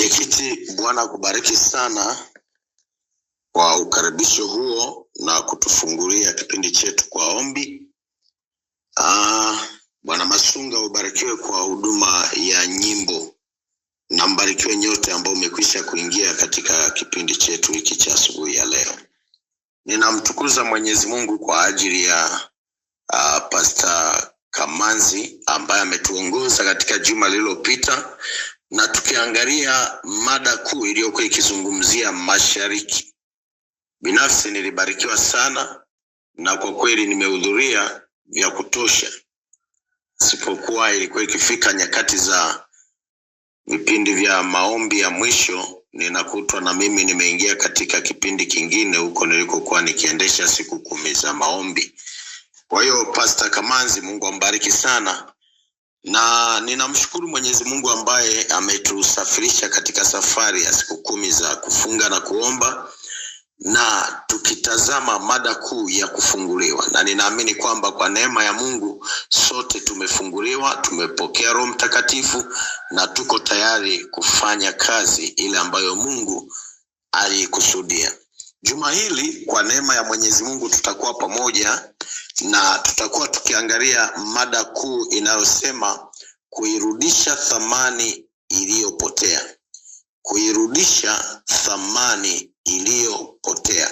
Mwenyekiti, Bwana akubariki sana kwa ukaribisho huo na kutufungulia kipindi chetu kwa ombi. Aa, ah, Bwana Masunga, ubarikiwe kwa huduma ya nyimbo na mbarikiwe nyote ambao umekwisha kuingia katika kipindi chetu hiki cha asubuhi ya leo. Ninamtukuza Mwenyezi Mungu kwa ajili ya uh, Pastor Kamanzi ambaye ametuongoza katika juma lililopita na tukiangalia mada kuu iliyokuwa ikizungumzia mashariki, binafsi nilibarikiwa sana na kwa kweli nimehudhuria vya kutosha, isipokuwa ilikuwa ikifika nyakati za vipindi vya maombi ya mwisho, ninakutwa na mimi nimeingia katika kipindi kingine huko nilikokuwa nikiendesha siku kumi za maombi. Kwa hiyo Pastor Kamanzi, Mungu ambariki sana na ninamshukuru Mwenyezi Mungu ambaye ametusafirisha katika safari ya siku kumi za kufunga na kuomba, na tukitazama mada kuu ya kufunguliwa, na ninaamini kwamba kwa neema ya Mungu sote tumefunguliwa, tumepokea Roho Mtakatifu na tuko tayari kufanya kazi ile ambayo Mungu alikusudia. Juma hili kwa neema ya Mwenyezi Mungu tutakuwa pamoja na tutakuwa tukiangalia mada kuu inayosema kuirudisha thamani iliyopotea, kuirudisha thamani iliyopotea.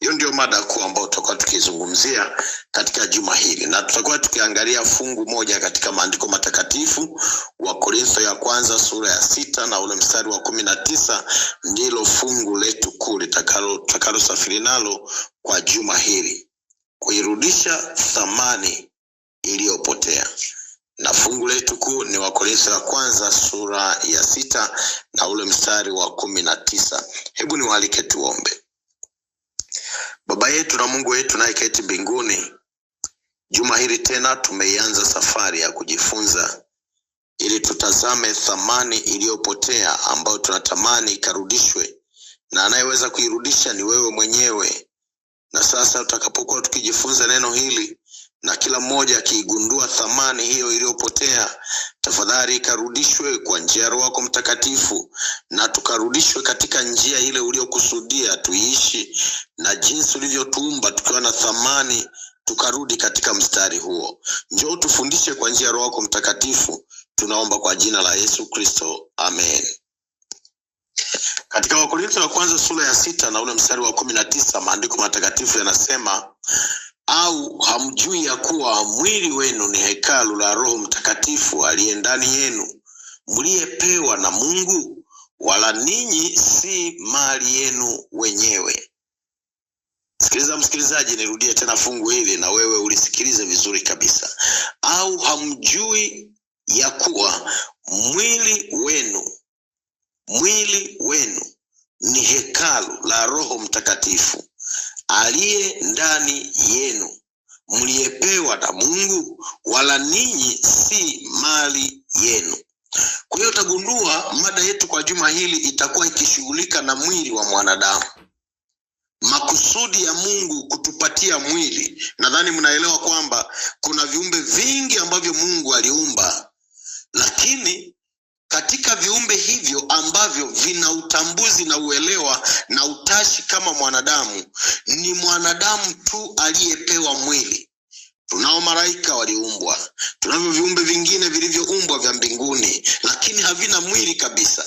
Hiyo ndio mada kuu ambayo tutakuwa tukizungumzia katika juma hili, na tutakuwa tukiangalia fungu moja katika maandiko matakatifu. wa Korintho ya kwanza sura ya sita na ule mstari wa kumi na tisa ndilo fungu letu kuu litakalosafiri nalo kwa juma hili kuirudisha thamani iliyopotea. Na fungu letu kuu ni Wakorintho wa kwanza sura ya sita na ule mstari wa kumi na tisa. Hebu niwaalike tuombe. Baba yetu na Mungu wetu keti mbinguni, juma hili tena tumeianza safari ya kujifunza ili tutazame thamani iliyopotea ambayo tunatamani ikarudishwe, na anayeweza kuirudisha ni wewe mwenyewe na sasa tutakapokuwa tukijifunza neno hili na kila mmoja akiigundua thamani hiyo iliyopotea, tafadhali ikarudishwe kwa njia ya Roho yako Mtakatifu, na tukarudishwe katika njia ile uliyokusudia tuiishi na jinsi ulivyotuumba, tukiwa na thamani, tukarudi katika mstari huo. Njoo tufundishe kwa njia ya Roho yako Mtakatifu. Tunaomba kwa jina la Yesu Kristo, amen. Katika Wakorintho wa kwanza sura ya sita na ule mstari wa kumi na tisa maandiko matakatifu yanasema, au hamjui ya kuwa mwili wenu ni hekalu la Roho Mtakatifu aliye ndani yenu mliyepewa na Mungu, wala ninyi si mali yenu wenyewe. Sikiliza msikilizaji, nirudie tena fungu hili na wewe ulisikilize vizuri kabisa. Au hamjui ya kuwa mwili wenu Mwili wenu ni hekalu la Roho Mtakatifu aliye ndani yenu, mliyepewa na Mungu, wala ninyi si mali yenu. Kwa hiyo utagundua mada yetu kwa juma hili itakuwa ikishughulika na mwili wa mwanadamu, makusudi ya Mungu kutupatia mwili. Nadhani mnaelewa kwamba kuna viumbe vingi ambavyo Mungu aliumba, lakini katika viumbe hivyo ambavyo vina utambuzi na uelewa na utashi kama mwanadamu, ni mwanadamu tu aliyepewa mwili. Tunao malaika waliumbwa, tunavyo viumbe vingine vilivyoumbwa vya mbinguni, lakini havina mwili kabisa,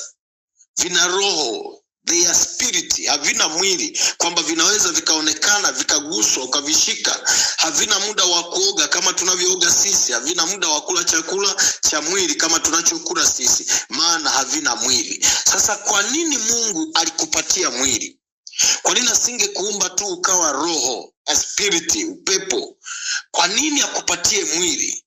vina roho they are spirit, havina mwili, kwamba vinaweza vikaonekana vikaguswa ukavishika. Havina muda wa kuoga kama tunavyooga sisi, havina muda wa kula chakula cha mwili kama tunachokula sisi, maana havina mwili. Sasa kwa nini Mungu alikupatia mwili? Kwa nini asinge kuumba tu ukawa roho, spirit, upepo? Kwa nini akupatie mwili?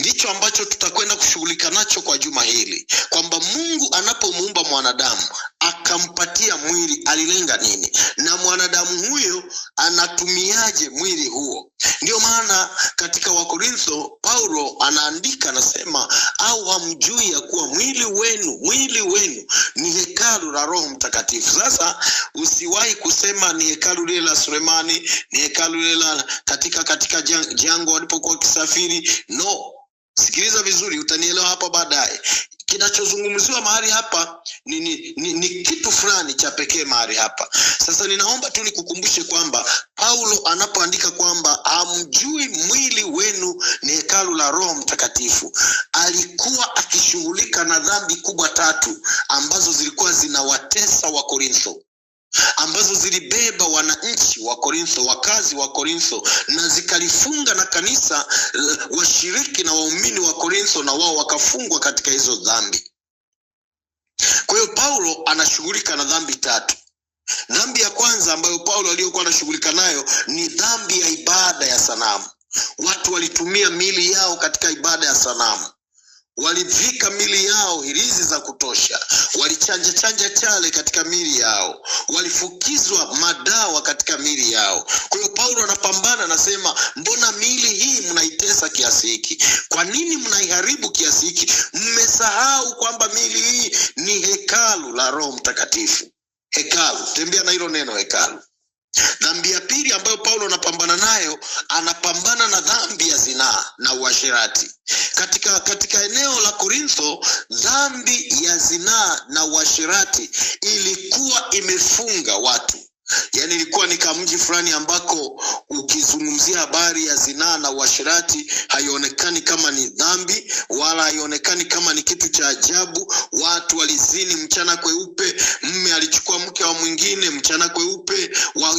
ndicho ambacho tutakwenda kushughulika nacho kwa juma hili, kwamba Mungu anapomuumba mwanadamu akampatia mwili alilenga nini, na mwanadamu huyo anatumiaje mwili huo? Ndiyo maana katika Wakorintho Paulo anaandika anasema, au hamjui ya kuwa mwili wenu mwili wenu ni hekalu la Roho Mtakatifu. Sasa usiwahi kusema ni hekalu lile la Sulemani, ni hekalu lile la katika katika jangwa walipokuwa kisafiri no Sikiliza vizuri, utanielewa hapa baadaye. Kinachozungumziwa mahali hapa ni, ni, ni, ni kitu fulani cha pekee mahali hapa. Sasa ninaomba tu nikukumbushe kwamba Paulo anapoandika kwamba hamjui mwili wenu ni hekalu la Roho Mtakatifu, alikuwa akishughulika na dhambi kubwa tatu ambazo zilikuwa zinawatesa Wakorintho ambazo zilibeba wananchi wa Korintho, wakazi wa Korintho, na zikalifunga na kanisa, eh, washiriki na waumini wa Korintho, na wao wakafungwa katika hizo dhambi. Kwa hiyo Paulo anashughulika na dhambi tatu. Dhambi ya kwanza ambayo Paulo aliyokuwa anashughulika nayo ni dhambi ya ibada ya sanamu. Watu walitumia miili yao katika ibada ya sanamu walivika mili yao hirizi za kutosha, walichanja chanja chale katika mili yao, walifukizwa madawa katika mili yao. Kwa hiyo Paulo anapambana, anasema mbona mili hii mnaitesa kiasi hiki? Kwa nini mnaiharibu kiasi hiki? Mmesahau kwamba mili hii ni hekalu la Roho Mtakatifu. Hekalu, tembea na hilo neno hekalu. Dhambi ya pili ambayo Paulo anapambana nayo, anapambana na dhambi ya zinaa na uasherati. Katika, katika eneo la Korintho, dhambi ya zinaa na uasherati ilikuwa imefunga watu Yaani ilikuwa ni kamji fulani ambako ukizungumzia habari ya zinaa na uashirati haionekani kama ni dhambi wala haionekani kama ni kitu cha ajabu. Watu walizini mchana kweupe, mme alichukua mke wa mwingine mchana kweupe.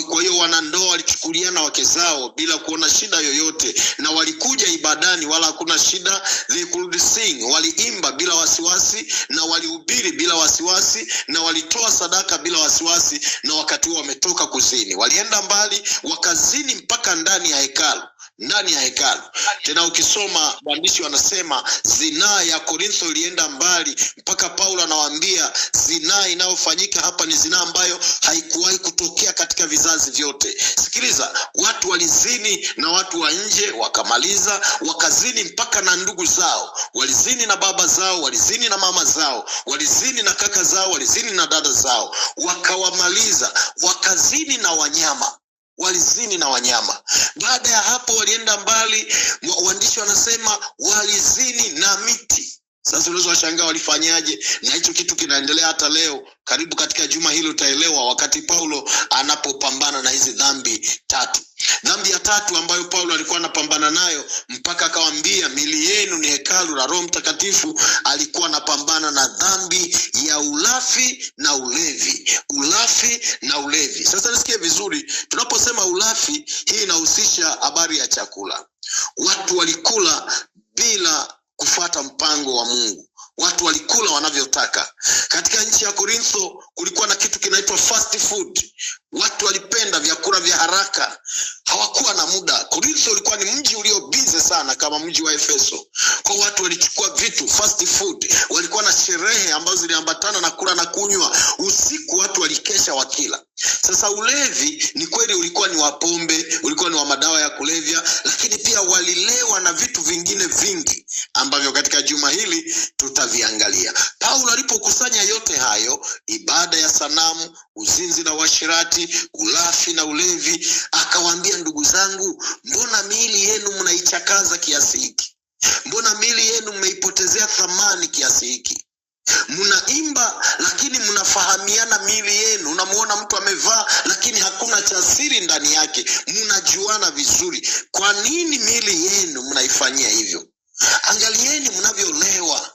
Kwa hiyo wanandoa walichukuliana wake zao bila kuona shida yoyote, na walikuja ibadani wala hakuna shida. They could sing, waliimba bila wasiwasi, na walihubiri bila wasiwasi, na walitoa sadaka bila wasiwasi, na wakati huo walitoka kuzini, walienda mbali wakazini mpaka ndani ya hekalu ndani ya hekalu. Tena ukisoma waandishi wanasema zinaa ya Korintho ilienda mbali mpaka Paulo anawaambia zinaa inayofanyika hapa ni zinaa ambayo haikuwahi kutokea katika vizazi vyote. Sikiliza, watu walizini na watu wa nje, wakamaliza wakazini mpaka na ndugu zao, walizini na baba zao, walizini na mama zao, walizini na kaka zao, walizini na dada zao, wakawamaliza, wakazini na wanyama walizini na wanyama. Baada ya hapo, walienda mbali, waandishi wanasema walizini na miti. Sasa unaweza washangaa walifanyaje, na hicho kitu kinaendelea hata leo. Karibu katika juma hili utaelewa, wakati Paulo anapopambana na hizi dhambi tatu. Dhambi ya tatu ambayo Paulo alikuwa anapambana nayo mpaka akawaambia mili yenu ni hekalu la Roho Mtakatifu, alikuwa anapambana na dhambi ya ulafi na ulevi. Ulafi na ulevi. Sasa nisikie vizuri, tunaposema ulafi, hii inahusisha habari ya chakula. Watu walikula bila kufuata mpango wa Mungu. Watu walikula wanavyotaka. Katika nchi ya Korintho kulikuwa na kitu kinaitwa fast food. Watu walipenda vyakula vya haraka, hawakuwa na muda. Korintho ulikuwa ni mji ulio busy sana, kama mji wa Efeso. Kwa watu walichukua vitu fast food, walikuwa na sherehe ambazo ziliambatana na kula na kunywa. Usiku watu walikesha wakila sasa ulevi ni kweli ulikuwa ni wapombe ulikuwa ni wa madawa ya kulevya, lakini pia walilewa na vitu vingine vingi ambavyo katika juma hili tutaviangalia. Paulo alipokusanya yote hayo, ibada ya sanamu, uzinzi na uasherati, ulafi na ulevi, akawaambia, ndugu zangu, mbona miili yenu mnaichakaza kiasi hiki? Mbona miili yenu mmeipotezea thamani kiasi hiki? mnaimba lakini mnafahamiana mili yenu. Unamuona mtu amevaa, lakini hakuna cha siri ndani yake, mnajuana vizuri. Kwa nini mili yenu mnaifanyia hivyo? Angalieni mnavyolewa,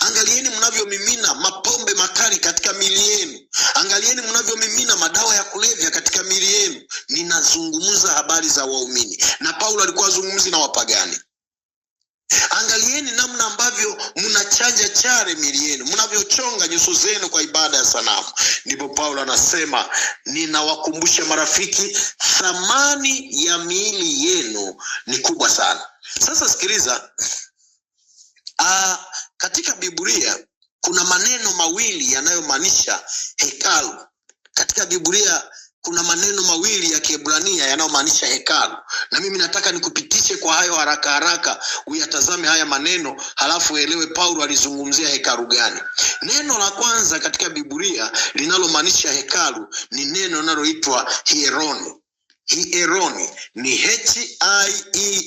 angalieni mnavyomimina mapombe makali katika mili yenu, angalieni mnavyomimina madawa ya kulevya katika mili yenu. Ninazungumza habari za waumini, na Paulo alikuwa azungumzi na wapagani. Angalieni namna ambavyo mnachanja chare mili yenu, mnavyochonga nyuso zenu kwa ibada ya sanamu. Ndipo Paulo anasema, ninawakumbusha marafiki, thamani ya miili yenu ni kubwa sana. Sasa sikiliza, aa, ah, katika Biblia kuna maneno mawili yanayomaanisha hekalu katika Biblia kuna maneno mawili ya Kiebrania yanayomaanisha hekalu, na mimi nataka nikupitishe kwa hayo haraka haraka, uyatazame haya maneno, halafu uelewe Paulo alizungumzia hekalu gani. Neno la kwanza katika Biblia linalomaanisha hekalu ni neno linaloitwa hieroni. Hieroni ni h i e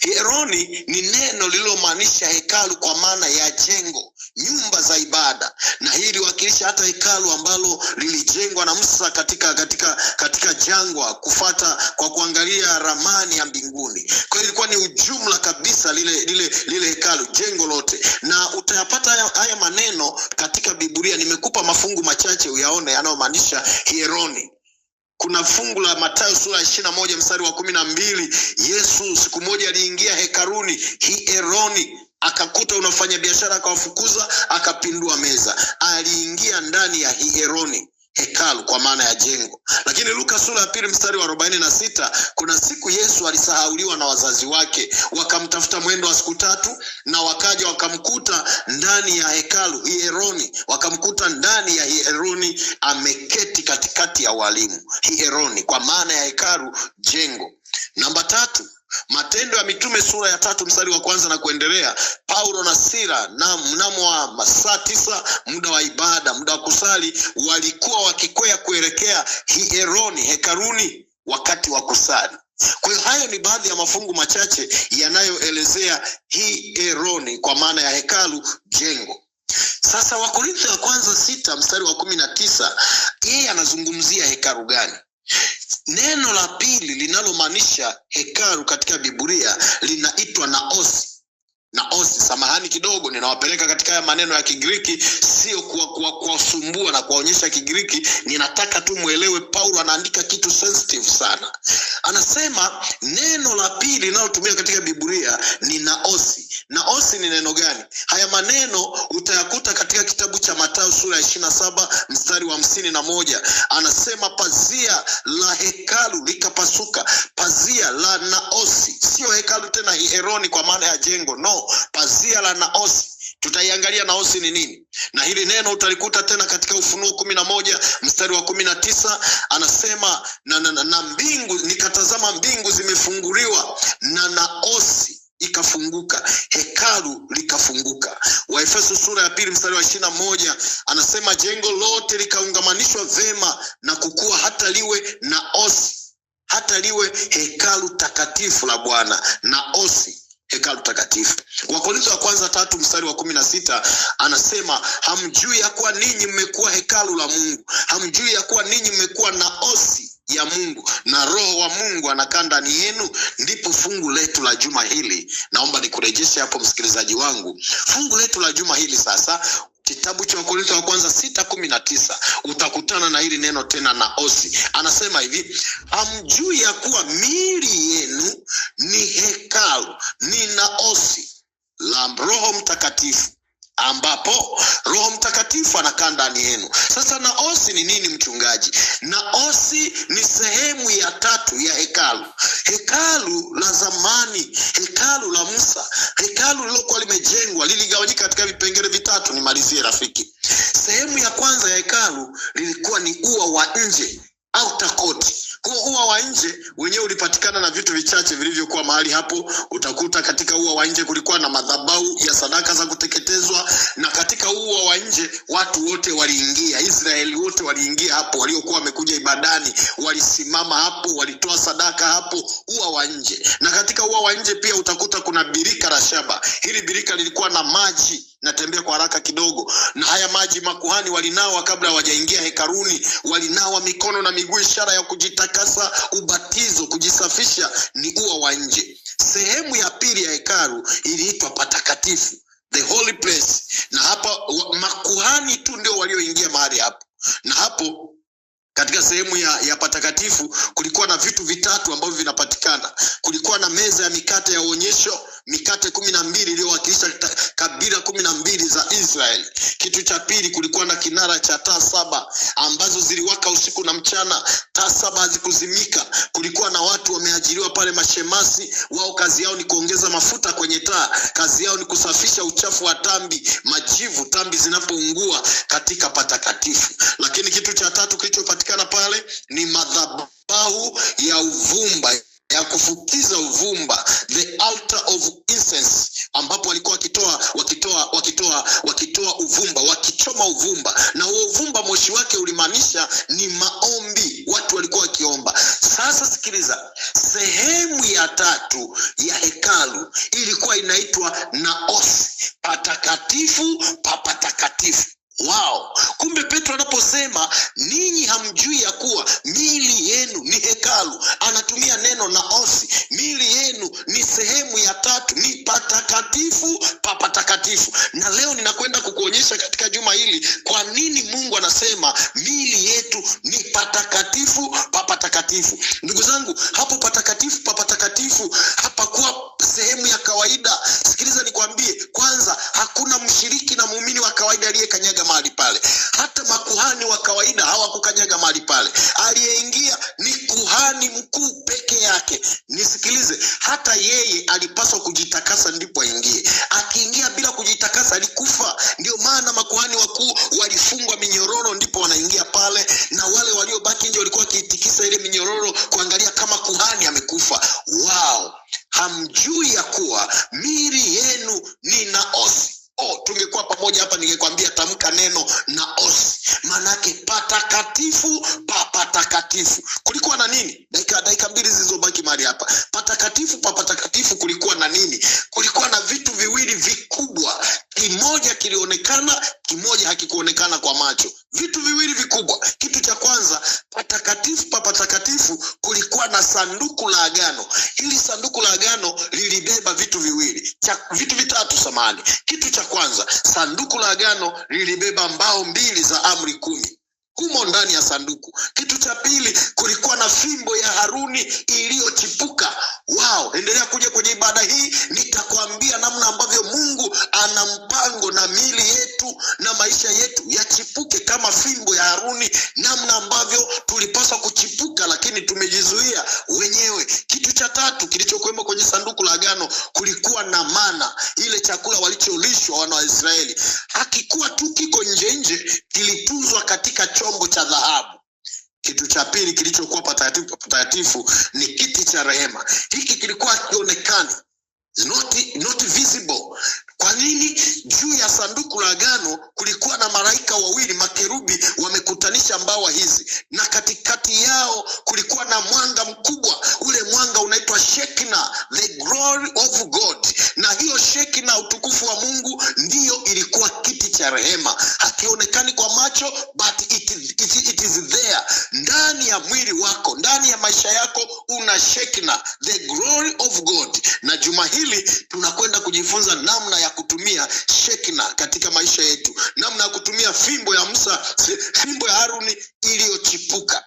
Hieroni ni neno lililomaanisha hekalu kwa maana ya jengo, nyumba za ibada, na hii liwakilisha hata hekalu ambalo lilijengwa na Musa katika katika katika jangwa, kufata kwa kuangalia ramani ya mbinguni. Kwa hiyo ilikuwa ni ujumla kabisa lile lile lile hekalu, jengo lote, na utayapata haya, haya maneno katika Biblia. Nimekupa mafungu machache uyaone yanayomaanisha Hieroni. Kuna fungu la Mathayo sura ya ishirini na moja mstari wa kumi na mbili Yesu siku moja aliingia hekaruni hieroni akakuta unafanya biashara akawafukuza, akapindua meza. Aliingia ndani ya hieroni hekalu kwa maana ya jengo. Lakini Luka sura ya pili mstari wa arobaini na sita kuna siku Yesu alisahauliwa na wazazi wake, wakamtafuta mwendo wa siku tatu, na wakaja wakamkuta ndani ya hekalu hieroni, wakamkuta ndani ya hieroni ameketi katikati ya walimu. Hieroni kwa maana ya hekalu, jengo. Namba tatu Matendo ya Mitume sura ya tatu mstari wa kwanza na kuendelea, Paulo na Sila na mnamo wa masaa tisa, muda wa ibada, muda wa kusali, walikuwa wakikwea kuelekea Hieroni, hekaruni, wakati wa kusali. Kwa hiyo hayo ni baadhi ya mafungu machache yanayoelezea Hieroni kwa maana ya hekalu, jengo. Sasa Wakorintho ya kwanza sita mstari wa kumi na tisa, yeye anazungumzia hekalu gani? Neno la pili linalomaanisha hekalu katika Biblia linaitwa naosi naosi. Samahani kidogo, ninawapeleka katika haya maneno ya Kigiriki, sio kuwasumbua kwa, kuwa na kuwaonyesha Kigiriki. Ninataka tu mwelewe, Paulo anaandika kitu sensitive sana. Anasema neno la pili linalotumia katika Biblia ni naosi Naosi ni neno gani? Haya maneno utayakuta katika kitabu cha Mathayo sura ya ishirini na saba mstari wa hamsini na moja anasema pazia la hekalu likapasuka. Pazia la Naosi, siyo hekalu tena hieroni kwa maana ya jengo, no, pazia la Naosi. Tutaiangalia Naosi ni nini, na hili neno utalikuta tena katika Ufunuo kumi na moja mstari wa kumi na tisa anasema na, na, na, na mbingu nikatazama, mbingu zimefunguliwa na Naosi ikafunguka, hekalu likafunguka. Waefeso sura ya pili mstari wa ishirini na moja anasema jengo lote likaungamanishwa vema na kukua hata liwe na osi, hata liwe hekalu takatifu la Bwana na osi hekalu takatifu. Wakorintho wa kwanza tatu mstari wa kumi na sita anasema hamjui ya kuwa ninyi mmekuwa hekalu la Mungu, hamjui ya kuwa ninyi mmekuwa na osi ya Mungu na Roho wa Mungu anakaa ndani yenu, ndipo fungu letu la juma hili. Naomba nikurejeshe hapo, msikilizaji wangu. Fungu letu la juma hili sasa Kitabu cha Wakorintho wa kwanza sita kumi na tisa utakutana na hili neno tena naosi. Anasema hivi, amjui ya kuwa miili yenu ni hekalu ni naosi la Roho Mtakatifu ambapo Roho Mtakatifu anakaa ndani yenu. Sasa naosi ni nini mchungaji? Naosi ni sehemu ya tatu ya hekalu, hekalu la zamani, hekalu la Musa, hekalu lilokuwa limejengwa, liligawanyika katika vipengele vitatu. Nimalizie rafiki. Sehemu ya kwanza ya hekalu lilikuwa ni ua wa nje, outer court kwa ua wa nje wenyewe ulipatikana na vitu vichache vilivyokuwa mahali hapo. Utakuta katika ua wa nje kulikuwa na madhabahu ya sadaka za kuteketezwa, na katika ua wa nje watu wote waliingia, Israeli wote waliingia hapo, waliokuwa wamekuja ibadani walisimama hapo, walitoa sadaka hapo, ua wa nje. Na katika ua wa nje pia utakuta kuna birika la shaba. Hili birika lilikuwa na maji natembea kwa haraka kidogo. Na haya maji makuhani walinawa kabla hawajaingia hekaruni, walinawa mikono na miguu, ishara ya kujitakasa kutakasa, ubatizo, kujisafisha ni ua wa nje. Sehemu ya pili ya hekalu iliitwa patakatifu, the holy place, na hapa makuhani tu ndio walioingia mahali hapo, na hapo katika sehemu ya, ya patakatifu kulikuwa na vitu vitatu ambavyo vinapatikana. Kulikuwa na meza ya mikate ya uonyesho, mikate kumi na mbili iliyowakilisha kabila kumi na mbili za Israeli. Kitu cha pili, kulikuwa na kinara cha taa saba ambazo ziliwaka usiku na mchana, taa saba hazikuzimika. Kulikuwa na watu wameajiriwa pale, mashemasi, wao kazi yao ni kuongeza mafuta kwenye taa, kazi yao ni kusafisha uchafu wa tambi, majivu, tambi zinapoungua katika patakatifu. Lakini kitu cha tatu kilichopatikana yanayopatikana pale ni madhabahu ya uvumba ya kufukiza uvumba, the altar of incense, ambapo walikuwa wakitoa wakitoa wakitoa wakitoa uvumba, wakichoma uvumba, na huo uvumba moshi wake ulimaanisha ni maombi, watu walikuwa wakiomba. Sasa sikiliza, sehemu ya tatu ya hekalu ilikuwa inaitwa naos, patakatifu pa patakatifu wao. Kumbe Petro anaposema ninyi hamjui ya kuwa miili yenu ni hekalu, anatumia neno osi Miili yenu ni sehemu ya tatu, ni patakatifu pa patakatifu. Na leo ninakwenda kukuonyesha katika juma hili kwa nini Mungu anasema miili yetu ni patakatifu pa patakatifu. Ndugu zangu, hapo patakatifu pa patakatifu kuwa sehemu ya kawaida. Sikiliza nikwambie, kwanza hakuna mshiriki na muumini wa kawaida aliyekanyaga mahali pale. Hata makuhani wa kawaida hawakukanyaga mahali pale. Aliyeingia ni kuhani mkuu peke yake. Nisikilize, hata yeye alipaswa kujitakasa ndipo aingie. Akiingia bila kujitakasa alikufa. Ndio maana makuhani wakuu walifungwa minyororo, ndipo wanaingia pale, na wale waliobaki nje walikuwa wakiitikisa ile minyororo kuangalia kama kuhani amekufa. Wao hamjui ya kuwa miri yenu ni naosi. Oh, tungekuwa pamoja hapa ningekwambia tamka neno naosi, maanake patakatifu papatakatifu. Kulikuwa na nini? Dakika dakika mbili zilizobaki mahali hapa, patakatifu papatakatifu, kulikuwa na nini? Kulikuwa na vitu viwili vikubwa, kimoja kilionekana, kimoja hakikuonekana kwa macho. Vitu viwili vikubwa, kitu cha kwanza patakatifu pa patakatifu kulikuwa na sanduku la agano. Hili sanduku la agano lilibeba vitu viwili cha, vitu vitatu samani. Kitu cha kwanza, sanduku la agano lilibeba mbao mbili za amri kumi humo ndani ya sanduku. Kitu cha pili, kulikuwa na fimbo ya Haruni iliyochipuka. Wao, endelea kuja kwenye ibada hii, nitakwambia namna ambavyo Mungu ana mpango na mili yetu na maisha yetu yachipuke kama fimbo ya Haruni, namna ambavyo tulipaswa kuchipuka, lakini tumejizuia wenyewe. Kitu cha tatu kilichokuwemo kwenye sanduku la agano, kulikuwa na mana, ile chakula walicholishwa wana wa Israeli hakikuwa tu kiko nje nje, kilituzwa katika chombo cha dhahabu. Kitu cha pili kilichokuwa patakatifu patakatifu ni kiti cha rehema. Hiki kilikuwa kionekani not, not visible. Kwa nini? Juu ya sanduku la agano kulikuwa na malaika wawili makerubi wamekutanisha mbawa hizi, na katikati yao kulikuwa na mwanga mkubwa. Ule mwanga unaitwa Shekina, the glory of God, na hiyo Shekina, utukufu wa Mungu, ndiyo ilikuwa cha rehema, hakionekani kwa macho but it is, it, is, it is there ndani ya mwili wako, ndani ya maisha yako, una shekina the glory of God. Na juma hili tunakwenda kujifunza namna ya kutumia shekina katika maisha yetu, namna ya kutumia fimbo ya Musa, fimbo ya Haruni iliyochipuka.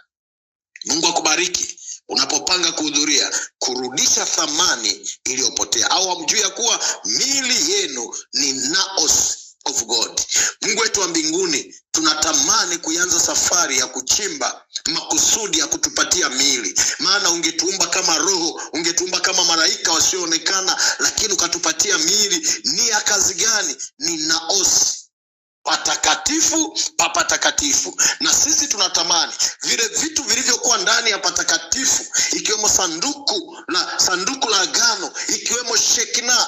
Mungu akubariki unapopanga kuhudhuria kurudisha thamani iliyopotea. Au hamjui ya kuwa mili yenu ni naos of God. Mungu wetu wa mbinguni, tunatamani kuanza safari ya kuchimba makusudi ya kutupatia miili, maana ungetuumba kama roho, ungetuumba kama malaika wasioonekana, lakini ukatupatia miili. Ni ya kazi gani? Ni naosi patakatifu pa patakatifu, na sisi tunatamani vile vitu vilivyokuwa ndani ya patakatifu, ikiwemo sanduku la sanduku la agano, ikiwemo Shekina,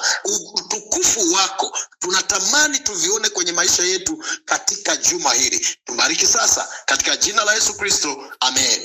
utukufu wako, tunatamani tuvione kwenye maisha yetu katika juma hili. Tubariki sasa katika jina la Yesu Kristo, amen.